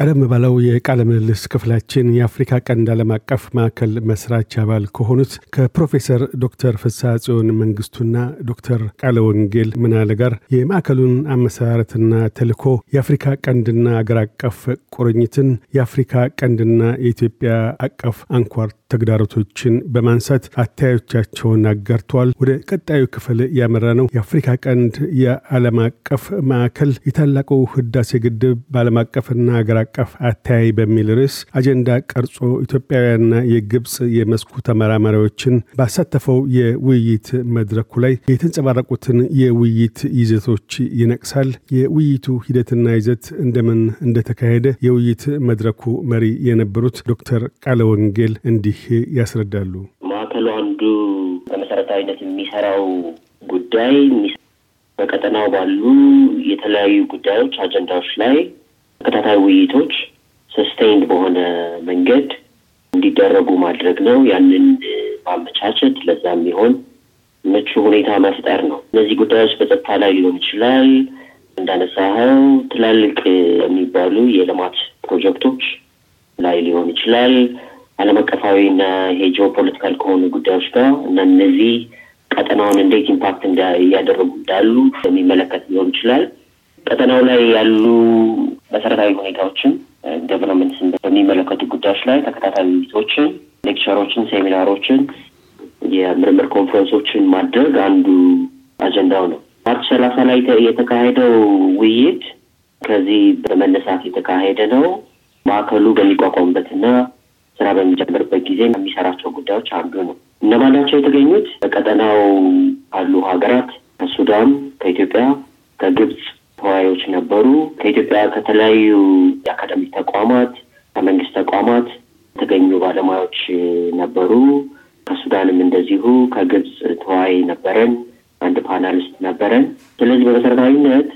ቀደም ባለው የቃለ ምልልስ ክፍላችን የአፍሪካ ቀንድ ዓለም አቀፍ ማዕከል መስራች አባል ከሆኑት ከፕሮፌሰር ዶክተር ፍሳ ጽዮን መንግስቱና ዶክተር ቃለ ወንጌል ምናለ ጋር የማዕከሉን አመሰራረትና ተልኮ፣ የአፍሪካ ቀንድና አገር አቀፍ ቁርኝትን፣ የአፍሪካ ቀንድና የኢትዮጵያ አቀፍ አንኳር ተግዳሮቶችን በማንሳት አታዮቻቸውን አጋርተዋል። ወደ ቀጣዩ ክፍል ያመራ ነው የአፍሪካ ቀንድ የዓለም አቀፍ ማዕከል የታላቁ ህዳሴ ግድብ በዓለም አቀፍና አገር አቀፍ አተያይ በሚል ርዕስ አጀንዳ ቀርጾ ኢትዮጵያውያንና የግብፅ የመስኩ ተመራማሪዎችን ባሳተፈው የውይይት መድረኩ ላይ የተንጸባረቁትን የውይይት ይዘቶች ይነቅሳል። የውይይቱ ሂደትና ይዘት እንደምን እንደተካሄደ የውይይት መድረኩ መሪ የነበሩት ዶክተር ቃለ ወንጌል እንዲህ ያስረዳሉ። ማዕከሉ አንዱ በመሰረታዊነት የሚሰራው ጉዳይ በቀጠናው ባሉ የተለያዩ ጉዳዮች አጀንዳዎች ላይ ተከታታይ ውይይቶች ሰስቴንድ በሆነ መንገድ እንዲደረጉ ማድረግ ነው። ያንን ማመቻቸት፣ ለዛ የሚሆን ምቹ ሁኔታ መፍጠር ነው። እነዚህ ጉዳዮች በጸጥታ ላይ ሊሆን ይችላል። እንዳነሳኸው ትላልቅ የሚባሉ የልማት ፕሮጀክቶች ላይ ሊሆን ይችላል። ዓለም አቀፋዊና የጂኦ ፖለቲካል ከሆኑ ጉዳዮች ጋር እና እነዚህ ቀጠናውን እንዴት ኢምፓክት እያደረጉ እንዳሉ የሚመለከት ሊሆን ይችላል። ቀጠናው ላይ ያሉ መሰረታዊ ሁኔታዎችን ገቨርንመንትን በሚመለከቱ ጉዳዮች ላይ ተከታታይ ውይይቶችን፣ ሌክቸሮችን፣ ሴሚናሮችን፣ የምርምር ኮንፈረንሶችን ማድረግ አንዱ አጀንዳው ነው። ማርች ሰላሳ ላይ የተካሄደው ውይይት ከዚህ በመነሳት የተካሄደ ነው። ማዕከሉ በሚቋቋምበትና ስራ በሚጀምርበት ጊዜ የሚሰራቸው ጉዳዮች አንዱ ነው። እነማን ናቸው የተገኙት? በቀጠናው ካሉ ሀገራት ከሱዳን፣ ከኢትዮጵያ፣ ከግብፅ ተወያዮች ነበሩ። ከኢትዮጵያ ከተለያዩ የአካዳሚክ ተቋማት፣ ከመንግስት ተቋማት የተገኙ ባለሙያዎች ነበሩ። ከሱዳንም እንደዚሁ ከግብፅ ተዋይ ነበረን። አንድ ፓናሊስት ነበረን። ስለዚህ በመሰረታዊነት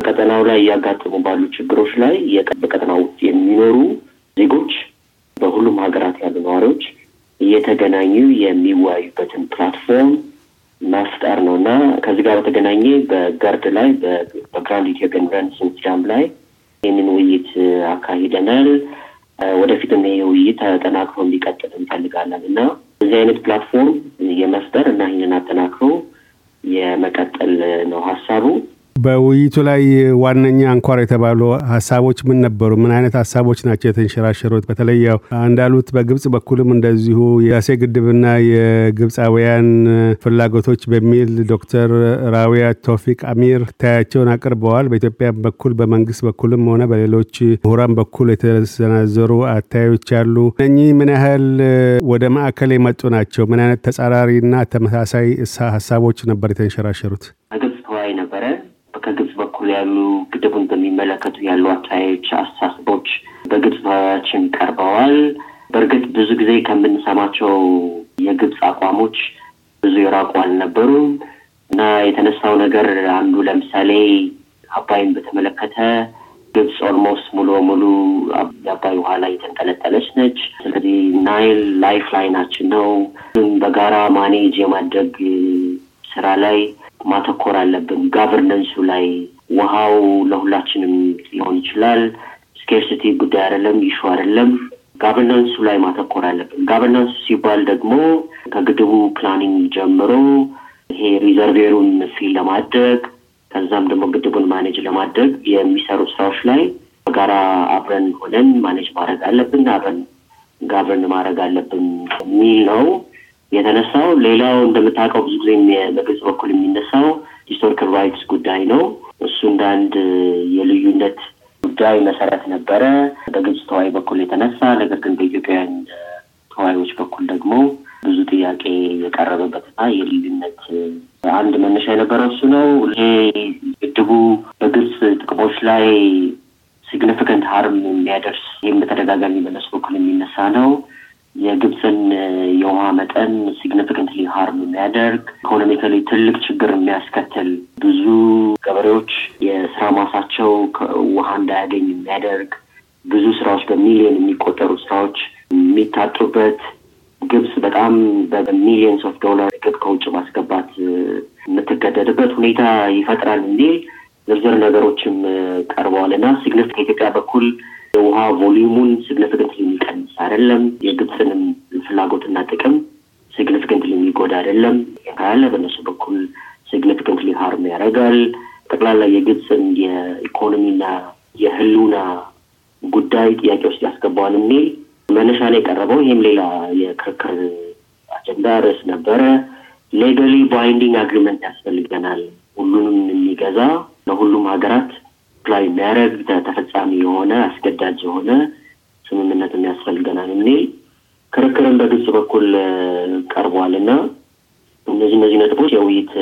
በቀጠናው ላይ እያጋጠሙ ባሉ ችግሮች ላይ በቀጠናው ውስጥ የሚኖሩ ዜጎች፣ በሁሉም ሀገራት ያሉ ነዋሪዎች እየተገናኙ የሚወያዩበትን ፕላትፎርም መፍጠር ነው እና ከዚህ ጋር በተገናኘ በገርድ ላይ በግራንድ ኢትዮጵያን ሬኔሳንስ ጃም ላይ ይህንን ውይይት አካሂደናል። ወደፊትም ይሄ ውይይት ተጠናክሮ እንዲቀጥል እንፈልጋለን እና እዚህ አይነት ፕላትፎርም የመፍጠር እና ይህንን አጠናክሮ የመቀጠል ነው ሀሳቡ። በውይይቱ ላይ ዋነኛ አንኳር የተባሉ ሀሳቦች ምን ነበሩ? ምን አይነት ሀሳቦች ናቸው የተንሸራሸሩት? በተለይ እንዳሉት በግብጽ በኩልም እንደዚሁ የአሴ ግድብና የግብፃውያን ፍላጎቶች በሚል ዶክተር ራዊያ ቶፊቅ አሚር ታያቸውን አቅርበዋል። በኢትዮጵያ በኩል በመንግስት በኩልም ሆነ በሌሎች ምሁራን በኩል የተሰናዘሩ አታዮች አሉ። እነኚህ ምን ያህል ወደ ማዕከል የመጡ ናቸው? ምን አይነት ተጻራሪና ተመሳሳይ ሀሳቦች ነበር የተንሸራሸሩት? ከግብጽ በኩል ያሉ ግድቡን በሚመለከቱ ያሉ አታዮች፣ በግብጽ በግብጻችን ቀርበዋል። በእርግጥ ብዙ ጊዜ ከምንሰማቸው የግብጽ አቋሞች ብዙ የራቁ አልነበሩም እና የተነሳው ነገር አንዱ ለምሳሌ አባይን በተመለከተ ግብጽ ኦልሞስት ሙሉ በሙሉ የአባይ ውሃ ላይ የተንጠለጠለች ነች። ስለዚህ ናይል ላይፍ ላይናችን ነው፣ በጋራ ማኔጅ የማድረግ ስራ ላይ ማተኮር አለብን። ጋቨርነንሱ ላይ ውሃው ለሁላችንም ሊሆን ይችላል። ስኬርሲቲ ጉዳይ አይደለም፣ ይሹ አይደለም። ጋቨርናንሱ ላይ ማተኮር አለብን። ጋቨርናንሱ ሲባል ደግሞ ከግድቡ ፕላኒንግ ጀምሮ ይሄ ሪዘርቬሩን ፊል ለማድረግ ከዛም ደግሞ ግድቡን ማኔጅ ለማድረግ የሚሰሩ ስራዎች ላይ በጋራ አብረን ሆነን ማኔጅ ማድረግ አለብን፣ አብረን ጋቨርን ማድረግ አለብን የሚል ነው። የተነሳው። ሌላው እንደምታውቀው ብዙ ጊዜ በግብጽ በኩል የሚነሳው ሂስቶሪካል ራይትስ ጉዳይ ነው። እሱ እንደ አንድ የልዩነት ጉዳይ መሰረት ነበረ በግብጽ ተዋይ በኩል የተነሳ ነገር ግን በኢትዮጵያውያን ተዋዮች በኩል ደግሞ ብዙ ጥያቄ የቀረበበትና የልዩነት አንድ መነሻ የነበረው እሱ ነው። ይሄ ግድቡ በግብጽ ጥቅሞች ላይ ሲግኒፊካንት ሀርም የሚያደርስ ይህም በተደጋጋሚ በነሱ በኩል የሚነሳ ነው። የግብፅን የውሃ መጠን ሲግኒፊካንትሊ ሀርም የሚያደርግ ኢኮኖሚካሊ ትልቅ ችግር የሚያስከትል ብዙ ገበሬዎች የስራ ማሳቸው ውሃ እንዳያገኝ የሚያደርግ ብዙ ስራዎች በሚሊዮን የሚቆጠሩ ስራዎች የሚታጡበት ግብጽ በጣም በሚሊዮንስ ኦፍ ዶላር ግብ ከውጭ ማስገባት የምትገደድበት ሁኔታ ይፈጥራል የሚል ዝርዝር ነገሮችም ቀርበዋል እና ሲግኒፊክ ከኢትዮጵያ በኩል የውሃ ቮሊዩሙን ሲግኒፊካንት አይደለም። የግብፅንም ፍላጎትና ጥቅም ሲግኒፊካንትሊ የሚጎዳ አይደለም ካለ በእነሱ በኩል ሲግኒፊካንትሊ ሀርም ያደርጋል። ጠቅላላ የግብፅን የኢኮኖሚና የህልውና ጉዳይ ጥያቄ ውስጥ ያስገባዋል የሚል መነሻ ላይ የቀረበው። ይህም ሌላ የክርክር አጀንዳ ርዕስ ነበረ። ሌጋሊ ባይንዲንግ አግሪመንት ያስፈልገናል፣ ሁሉንም የሚገዛ ለሁሉም ሀገራት ላይ የሚያደርግ ተፈጻሚ የሆነ አስገዳጅ የሆነ ስምምነት የሚያስፈልገናል የሚል ክርክርን በግብጽ በኩል ቀርቧል እና እነዚህ እነዚህ ነጥቦች የውይይት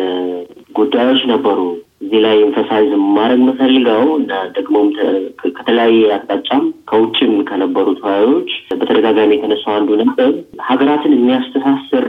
ጉዳዮች ነበሩ። እዚህ ላይ ኤንፈሳይዝ ማድረግ የምፈልገው እና ደግሞም ከተለያየ አቅጣጫም ከውጭም ከነበሩ ተወያዮች በተደጋጋሚ የተነሳው አንዱ ነጥብ ሀገራትን የሚያስተሳስር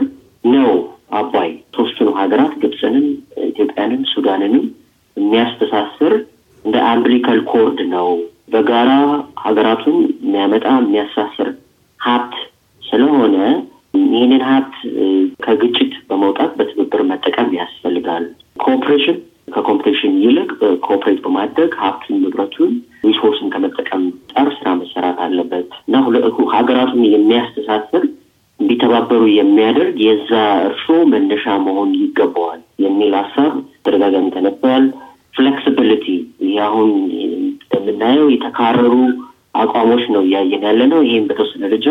ከግጭት በመውጣት በትብብር መጠቀም ያስፈልጋል። ኮኦፕሬሽን ከኮምፒቲሽን ይልቅ ኮኦፕሬት በማድረግ ሀብቱን፣ ንብረቱን፣ ሪሶርስን ከመጠቀም ጠር ስራ መሰራት አለበት እና ሀገራቱን የሚያስተሳስር እንዲተባበሩ የሚያደርግ የዛ እርሾ መነሻ መሆን ይገባዋል የሚል ሀሳብ ተደጋጋሚ ተነበያል። ፍሌክሲቢሊቲ አሁን እንደምናየው የተካረሩ አቋሞች ነው እያየን ያለ ነው። ይህም በተወሰነ ደረጃ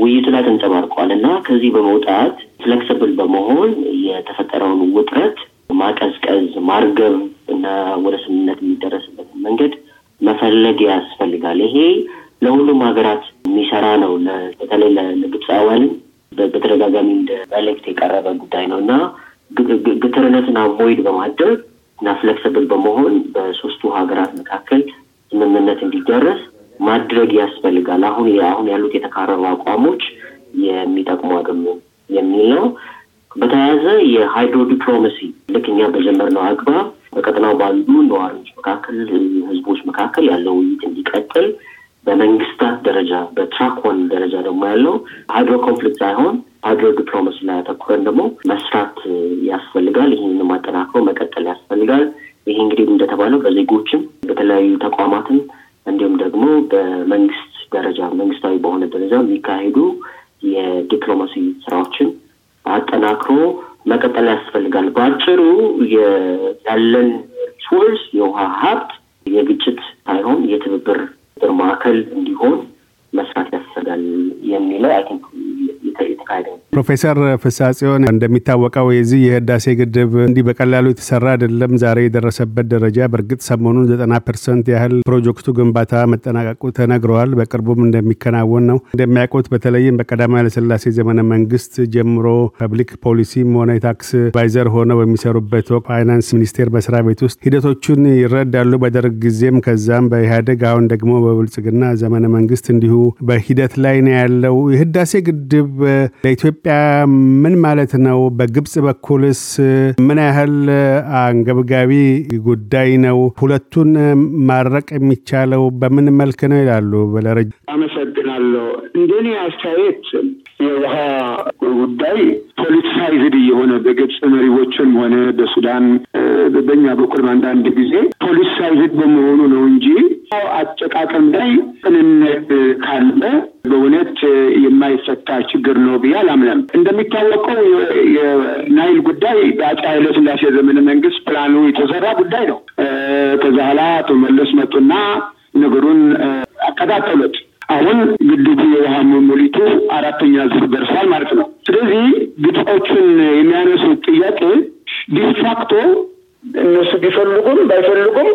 ውይይቱ ላይ ተንጸባርቋል እና ከዚህ በመውጣት ፍለክስብል በመሆን የተፈጠረውን ውጥረት ማቀዝቀዝ፣ ማርገብ እና ወደ ስምምነት የሚደረስበት መንገድ መፈለግ ያስፈልጋል። ይሄ ለሁሉም ሀገራት የሚሰራ ነው። በተለይ ለግብፃውያን በተደጋጋሚ እንደ መልእክት የቀረበ ጉዳይ ነው እና ግትርነትን አቮይድ በማድረግ እና ፍለክስብል በመሆን በሶስቱ ሀገራት መካከል ስምምነት እንዲደረስ ማድረግ ያስፈልጋል። አሁን አሁን ያሉት የተካረሩ አቋሞች የሚጠቅሙ አይደሉም የሚል ነው። በተያያዘ የሃይድሮ ዲፕሎማሲ ልክ እኛ በጀመርነው አግባብ በቀጠናው ባሉ ነዋሪዎች መካከል፣ ህዝቦች መካከል ያለው ውይይት እንዲቀጥል በመንግስታት ደረጃ በትራክ ደረጃ ደግሞ ያለው ሃይድሮ ኮንፍሊክት ሳይሆን ሃይድሮ ዲፕሎማሲ ላይ ያተኩረን ደግሞ መስራት ያስፈልጋል። ይህንን ማጠናክሮ መቀጠል ያስፈልጋል። ይሄ እንግዲህ እንደተባለው በዜጎችም በተለያዩ ተቋማትም እንዲሁም ደግሞ በመንግስት ደረጃ መንግስታዊ በሆነ ደረጃ የሚካሄዱ የዲፕሎማሲ ስራዎችን አጠናክሮ መቀጠል ያስፈልጋል። በአጭሩ ያለን ሶርስ የውሃ ሀብት የግጭት ሳይሆን የትብብር ማዕከል እንዲሆን መስራት ያስፈልጋል የሚለው አይ ቲንክ የተካሄደ ፕሮፌሰር ፍሳጽዮን እንደሚታወቀው የዚህ የህዳሴ ግድብ እንዲህ በቀላሉ የተሰራ አይደለም። ዛሬ የደረሰበት ደረጃ በእርግጥ ሰሞኑን ዘጠና ፐርሰንት ያህል ፕሮጀክቱ ግንባታ መጠናቀቁ ተነግረዋል። በቅርቡም እንደሚከናወን ነው። እንደሚያውቁት በተለይም በቀዳማዊ ኃይለሥላሴ ዘመነ መንግስት ጀምሮ ፐብሊክ ፖሊሲም ሆነ የታክስ ቫይዘር ሆነው በሚሰሩበት ወቅት ፋይናንስ ሚኒስቴር መስሪያ ቤት ውስጥ ሂደቶቹን ይረዳሉ። በደርግ ጊዜም ከዛም በኢህአዴግ አሁን ደግሞ በብልጽግና ዘመነ መንግስት እንዲሁ በሂደት ላይ ነው ያለው የህዳሴ ግድብ ለኢትዮጵያ ኢትዮጵያ ምን ማለት ነው? በግብፅ በኩልስ ምን ያህል አንገብጋቢ ጉዳይ ነው? ሁለቱን ማድረቅ የሚቻለው በምን መልክ ነው ይላሉ በለረጅ አለው። እንደኔ አስተያየት የውሃ ጉዳይ ፖለቲሳይዝድ የሆነ በግብፅ መሪዎችም ሆነ በሱዳን በኛ በኩል አንዳንድ ጊዜ ፖለቲሳይዝድ በመሆኑ ነው እንጂ አጠቃቀም ላይ ቅንነት ካለ በእውነት የማይፈታ ችግር ነው ብዬ አላምነም። እንደሚታወቀው የናይል ጉዳይ በአፄ ኃይለሥላሴ ዘመነ መንግስት ፕላኑ የተሰራ ጉዳይ ነው። ከዛ ኋላ አቶ መለስ መጡና ነገሩን አቀጣጠሉት። አሁን ግድቡ የውሃ ሙሊቱ አራተኛ ዙር ደርሷል ማለት ነው። ስለዚህ ግጥቆቹን የሚያነሱ ጥያቄ ዲፋክቶ እነሱ ቢፈልጉም ባይፈልጉም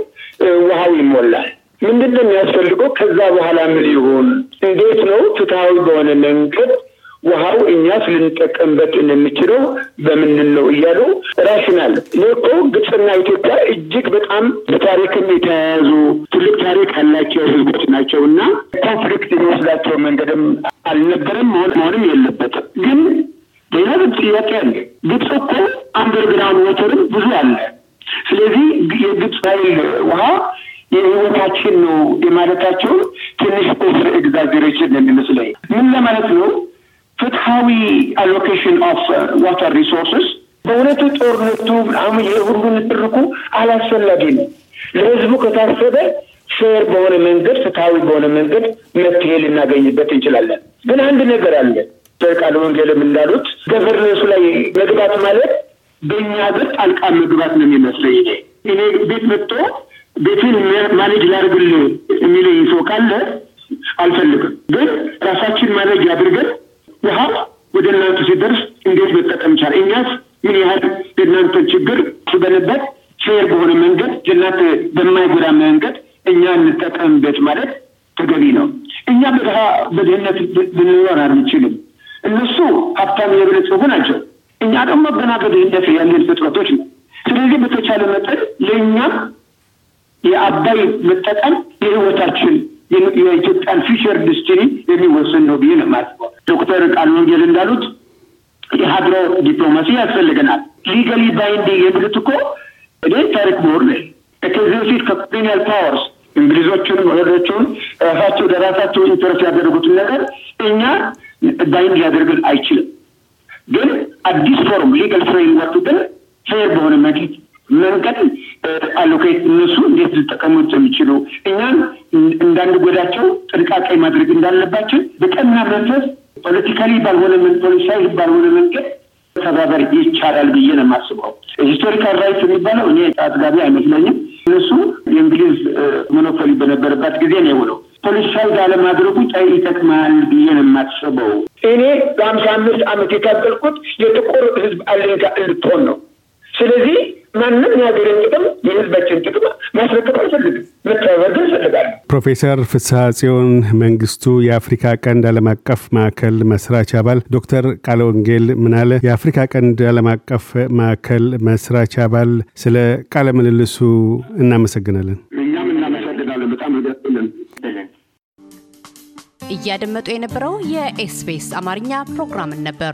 ውሃው ይሞላል። ምንድን ነው የሚያስፈልገው? ከዛ በኋላ ምን ይሁን? እንዴት ነው ፍትሐዊ በሆነ መንገድ ውሃው እኛስ ልንጠቀምበት እንደሚችለው በምን ነው እያሉ ራሽናል እኮ ግብፅና ኢትዮጵያ እጅግ በጣም በታሪክም የተያያዙ ትልቅ ታሪክ ያላቸው ህዝቦች ናቸው እና ኮንፍሊክት የሚወስዳቸው መንገድም አልነበረም መሆንም የለበትም። ግን ሌላ ግብፅ ጥያቄ አለ። ግብፅ እኮ አንደርግራውንድ ወተርም ብዙ አለ። ስለዚህ የግብፅ ኃይል ውሃ የህይወታችን ነው የማለታቸው ትንሽ ኮስር ኤግዛጀሬሽን የሚመስለኝ። ምን ለማለት ነው ፍትሐዊ አሎኬሽን ኦፍ ዋተር ሪሶርስስ በእውነቱ ጦርነቱ አሁን የሁሉን ትርኩ አላስፈላጊ ነው። ለህዝቡ ከታሰበ ፌር በሆነ መንገድ ፍትሐዊ በሆነ መንገድ መፍትሄ ልናገኝበት እንችላለን። ግን አንድ ነገር አለ። በቃለ ወንጌልም እንዳሉት ገቨርነሱ ላይ መግባት ማለት በእኛ ሀገር ጣልቃ መግባት ነው የሚመስለኝ። እኔ ቤት መጥቶ ቤትን ማኔጅ ላድርግልህ የሚለኝ ሰው ካለ አልፈልግም። ግን ራሳችን ማድረግ ያድርገን ውሃ ወደ እናንተ ሲደርስ እንዴት መጠቀም ይቻል? እኛስ ምን ያህል የእናንተ ችግር ስበንበት ፌር በሆነ መንገድ ጀናት በማይጎዳ መንገድ እኛ እንጠቀምበት ማለት ተገቢ ነው። እኛ በድሃ በድህነት ልንኖር አንችልም። እነሱ ሀብታም የበለጸጉ ናቸው። እኛ ደግሞ ገና በድህነት ያለን ፍጥረቶች ነው። ስለዚህ በተቻለ መጠን ለእኛም የአባይ መጠቀም የህይወታችን የኢትዮጵያን ፊውቸር ዲስቲኒ የሚወስን ነው ብዬ ነው የማስበው። ዶክተር ቃል ወንጌል እንዳሉት የሀድሮ ዲፕሎማሲ ያስፈልገናል። ሊገሊ ባይንዲንግ የሚሉት እኮ እኔ ታሪክ ምሁር ነ ከዚህ በፊት ከኮሎኒያል ፓወርስ እንግሊዞቹን፣ ወረዶቹን ራሳቸው ለራሳቸው ኢንተረስ ያደረጉትን ነገር እኛ ባይንድ ሊያደርግን አይችልም። ግን አዲስ ፎርም ሊጋል ፍሬምወርክ ግን ፌር በሆነ መንገድ መንቀጥ አሎኬት እነሱ እንዴት ሊጠቀሙት የሚችሉ እኛም ጎዳቸው ጥንቃቄ ማድረግ እንዳለባቸው በቀና መንፈስ ፖለቲካሊ ባልሆነ ፖሊሳዊ ባልሆነ መንገድ ተባበር ይቻላል ብዬ ነው የማስበው። ሂስቶሪካል ራይት የሚባለው እኔ አጥጋቢ አይመስለኝም። እነሱ የእንግሊዝ ሞኖፖሊ በነበረባት ጊዜ ነው የሆነው። ፖሊሳዊ ባለማድረጉ ይጠቅማል ብዬ ነው የማስበው። እኔ በሀምሳ አምስት ዓመት የታገልኩት የጥቁር ህዝብ አለኝታ እንድትሆን ነው። ስለዚህ ማንም የሀገርን ጥቅም የህዝባችን ጥቅም ማስረከብ አልፈልግም። ፕሮፌሰር ፍስሐ ጽዮን መንግስቱ የአፍሪካ ቀንድ ዓለም አቀፍ ማዕከል መስራች አባል፣ ዶክተር ቃለ ወንጌል ምናለ የአፍሪካ ቀንድ ዓለም አቀፍ ማዕከል መስራች አባል፣ ስለ ቃለ ምልልሱ እናመሰግናለን። እኛም እናመሰግናለን። በጣም እያደመጡ የነበረው የኤስፔስ አማርኛ ፕሮግራምን ነበር።